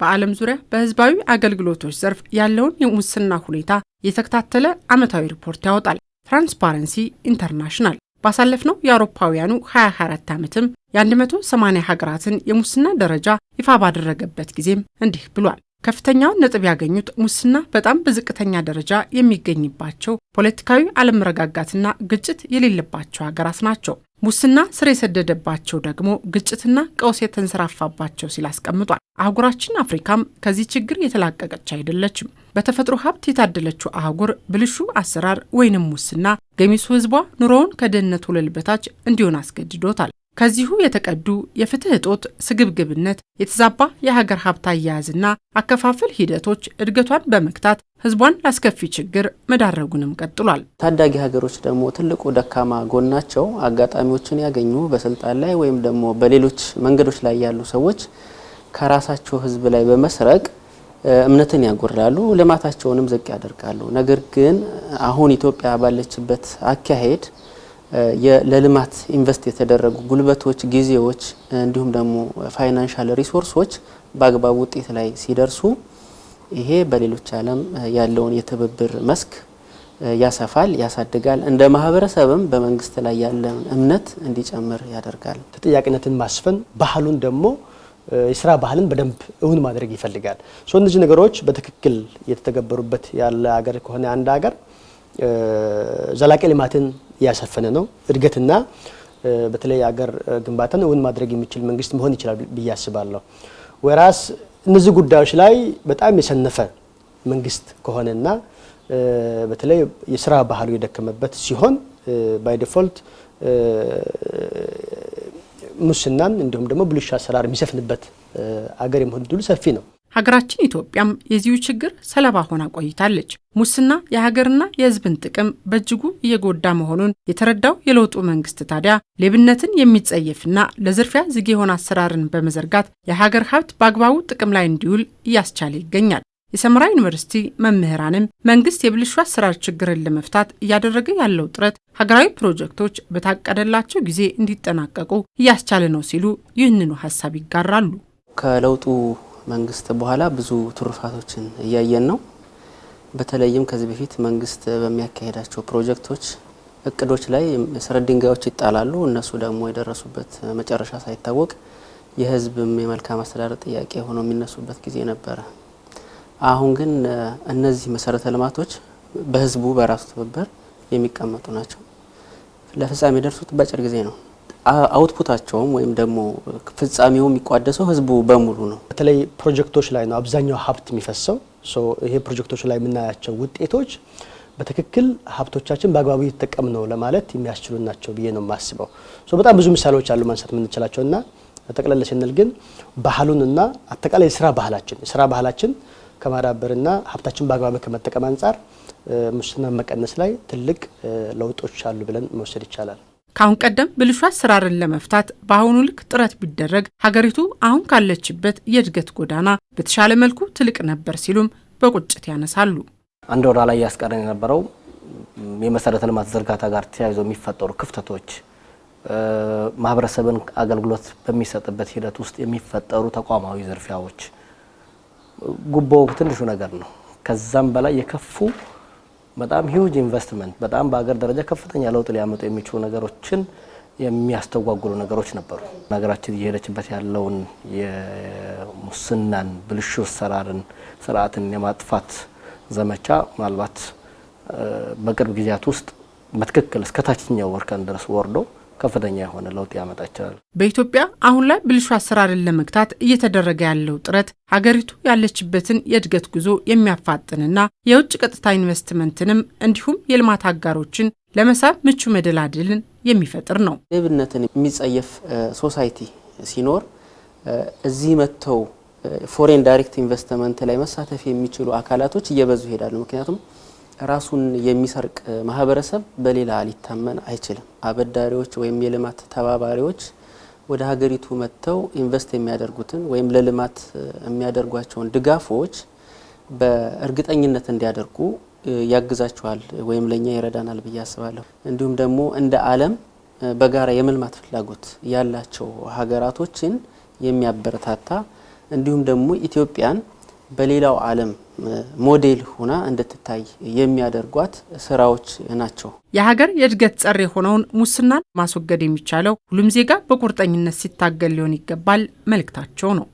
በዓለም ዙሪያ በህዝባዊ አገልግሎቶች ዘርፍ ያለውን የሙስና ሁኔታ የተከታተለ ዓመታዊ ሪፖርት ያወጣል። ትራንስፓረንሲ ኢንተርናሽናል ባሳለፍነው የአውሮፓውያኑ 2024 ዓመትም የ180 ሀገራትን የሙስና ደረጃ ይፋ ባደረገበት ጊዜም እንዲህ ብሏል። ከፍተኛውን ነጥብ ያገኙት ሙስና በጣም በዝቅተኛ ደረጃ የሚገኝባቸው ፖለቲካዊ አለመረጋጋትና ግጭት የሌለባቸው ሀገራት ናቸው። ሙስና ስር የሰደደባቸው ደግሞ ግጭትና ቀውስ የተንሰራፋባቸው ሲል አስቀምጧል። አህጉራችን አፍሪካም ከዚህ ችግር የተላቀቀች አይደለችም። በተፈጥሮ ሀብት የታደለችው አህጉር ብልሹ አሰራር ወይንም ሙስና ገሚሱ ህዝቧ ኑሮውን ከድህነት ወለል በታች እንዲሆን አስገድዶታል። ከዚሁ የተቀዱ የፍትህ እጦት፣ ስግብግብነት፣ የተዛባ የሀገር ሀብት አያያዝና አከፋፈል ሂደቶች እድገቷን በመግታት ህዝቧን ላስከፊ ችግር መዳረጉንም ቀጥሏል። ታዳጊ ሀገሮች ደግሞ ትልቁ ደካማ ጎናቸው አጋጣሚዎችን ያገኙ በስልጣን ላይ ወይም ደግሞ በሌሎች መንገዶች ላይ ያሉ ሰዎች ከራሳቸው ህዝብ ላይ በመስረቅ እምነትን ያጎድላሉ፣ ልማታቸውንም ዝቅ ያደርጋሉ። ነገር ግን አሁን ኢትዮጵያ ባለችበት አካሄድ ለልማት ኢንቨስት የተደረጉ ጉልበቶች፣ ጊዜዎች እንዲሁም ደግሞ ፋይናንሻል ሪሶርሶች በአግባቡ ውጤት ላይ ሲደርሱ ይሄ በሌሎች ዓለም ያለውን የትብብር መስክ ያሰፋል፣ ያሳድጋል። እንደ ማህበረሰብም በመንግስት ላይ ያለውን እምነት እንዲጨምር ያደርጋል። ተጠያቂነትን ማስፈን ባህሉን ደግሞ የስራ ባህልን በደንብ እውን ማድረግ ይፈልጋል። እነዚህ ነገሮች በትክክል የተተገበሩበት ያለ ሀገር ከሆነ አንድ ሀገር ዘላቂ ልማትን እያሰፈነ ነው። እድገትና በተለይ አገር ግንባታን እውን ማድረግ የሚችል መንግስት መሆን ይችላል ብዬ አስባለሁ። ወራስ እነዚህ ጉዳዮች ላይ በጣም የሰነፈ መንግስት ከሆነና በተለይ የስራ ባህሉ የደከመበት ሲሆን ባይ ዲፎልት ሙስናን እንዲሁም ደግሞ ብልሹ አሰራር የሚሰፍንበት አገር የመሆን ዕድሉ ሰፊ ነው። ሀገራችን ኢትዮጵያም የዚሁ ችግር ሰለባ ሆና ቆይታለች። ሙስና የሀገርና የሕዝብን ጥቅም በእጅጉ እየጎዳ መሆኑን የተረዳው የለውጡ መንግስት ታዲያ ሌብነትን የሚጸየፍና ለዝርፊያ ዝግ የሆነ አሰራርን በመዘርጋት የሀገር ሀብት በአግባቡ ጥቅም ላይ እንዲውል እያስቻለ ይገኛል። የሰመራ ዩኒቨርሲቲ መምህራንም መንግስት የብልሹ አሰራር ችግርን ለመፍታት እያደረገ ያለው ጥረት ሀገራዊ ፕሮጀክቶች በታቀደላቸው ጊዜ እንዲጠናቀቁ እያስቻለ ነው ሲሉ ይህንኑ ሀሳብ ይጋራሉ። ከለውጡ መንግስት በኋላ ብዙ ትሩፋቶችን እያየን ነው። በተለይም ከዚህ በፊት መንግስት በሚያካሄዳቸው ፕሮጀክቶች እቅዶች ላይ መሰረት ድንጋዮች ይጣላሉ። እነሱ ደግሞ የደረሱበት መጨረሻ ሳይታወቅ የህዝብም የመልካም አስተዳደር ጥያቄ ሆኖ የሚነሱበት ጊዜ ነበረ። አሁን ግን እነዚህ መሰረተ ልማቶች በህዝቡ በራሱ ትብብር የሚቀመጡ ናቸው። ለፍጻሜ የደርሱት በአጭር ጊዜ ነው። አውትፑታቸውም ወይም ደግሞ ፍጻሜው የሚቋደሰው ህዝቡ በሙሉ ነው። በተለይ ፕሮጀክቶች ላይ ነው አብዛኛው ሀብት የሚፈሰው። ይሄ ፕሮጀክቶች ላይ የምናያቸው ውጤቶች በትክክል ሀብቶቻችን በአግባቡ እየተጠቀም ነው ለማለት የሚያስችሉ ናቸው ብዬ ነው የማስበው። በጣም ብዙ ምሳሌዎች አሉ ማንሳት የምንችላቸው እና ጠቅለል ስንል ግን ባህሉንና አጠቃላይ የስራ ባህላችን የስራ ባህላችን ከማዳበርና ሀብታችን በአግባቡ ከመጠቀም አንጻር ሙስና መቀነስ ላይ ትልቅ ለውጦች አሉ ብለን መውሰድ ይቻላል። ከአሁን ቀደም ብልሹ አሰራርን ለመፍታት በአሁኑ ልክ ጥረት ቢደረግ ሀገሪቱ አሁን ካለችበት የእድገት ጎዳና በተሻለ መልኩ ትልቅ ነበር ሲሉም በቁጭት ያነሳሉ። አንድ ወራ ላይ ያስቀረን የነበረው የመሰረተ ልማት ዝርጋታ ጋር ተያይዞ የሚፈጠሩ ክፍተቶች፣ ማህበረሰብን አገልግሎት በሚሰጥበት ሂደት ውስጥ የሚፈጠሩ ተቋማዊ ዝርፊያዎች፣ ጉቦ ትንሹ ነገር ነው። ከዛም በላይ የከፉ በጣም ሂውጅ ኢንቨስትመንት በጣም በሀገር ደረጃ ከፍተኛ ለውጥ ሊያመጡ የሚችሉ ነገሮችን የሚያስተጓጉሉ ነገሮች ነበሩ። ሀገራችን እየሄደችበት ያለውን የሙስናን ብልሹ አሰራርን ስርዓትን የማጥፋት ዘመቻ ምናልባት በቅርብ ጊዜያት ውስጥ በትክክል እስከ ታችኛው ድረስ ወርዶ ከፍተኛ የሆነ ለውጥ ያመጣ ይችላል። በኢትዮጵያ አሁን ላይ ብልሹ አሰራርን ለመግታት እየተደረገ ያለው ጥረት ሀገሪቱ ያለችበትን የእድገት ጉዞ የሚያፋጥንና የውጭ ቀጥታ ኢንቨስትመንትንም እንዲሁም የልማት አጋሮችን ለመሳብ ምቹ መደላድልን የሚፈጥር ነው። ሌብነትን የሚጸየፍ ሶሳይቲ ሲኖር እዚህ መጥተው ፎሬን ዳይሬክት ኢንቨስትመንት ላይ መሳተፍ የሚችሉ አካላቶች እየበዙ ይሄዳሉ። ምክንያቱም ራሱን የሚሰርቅ ማህበረሰብ በሌላ ሊታመን አይችልም። አበዳሪዎች ወይም የልማት ተባባሪዎች ወደ ሀገሪቱ መጥተው ኢንቨስት የሚያደርጉትን ወይም ለልማት የሚያደርጓቸውን ድጋፎች በእርግጠኝነት እንዲያደርጉ ያግዛቸዋል ወይም ለእኛ ይረዳናል ብዬ አስባለሁ። እንዲሁም ደግሞ እንደ ዓለም በጋራ የመልማት ፍላጎት ያላቸው ሀገራቶችን የሚያበረታታ እንዲሁም ደግሞ ኢትዮጵያን በሌላው ዓለም ሞዴል ሆና እንድትታይ የሚያደርጓት ስራዎች ናቸው። የሀገር የእድገት ጸር የሆነውን ሙስናን ማስወገድ የሚቻለው ሁሉም ዜጋ በቁርጠኝነት ሲታገል ሊሆን ይገባል መልእክታቸው ነው።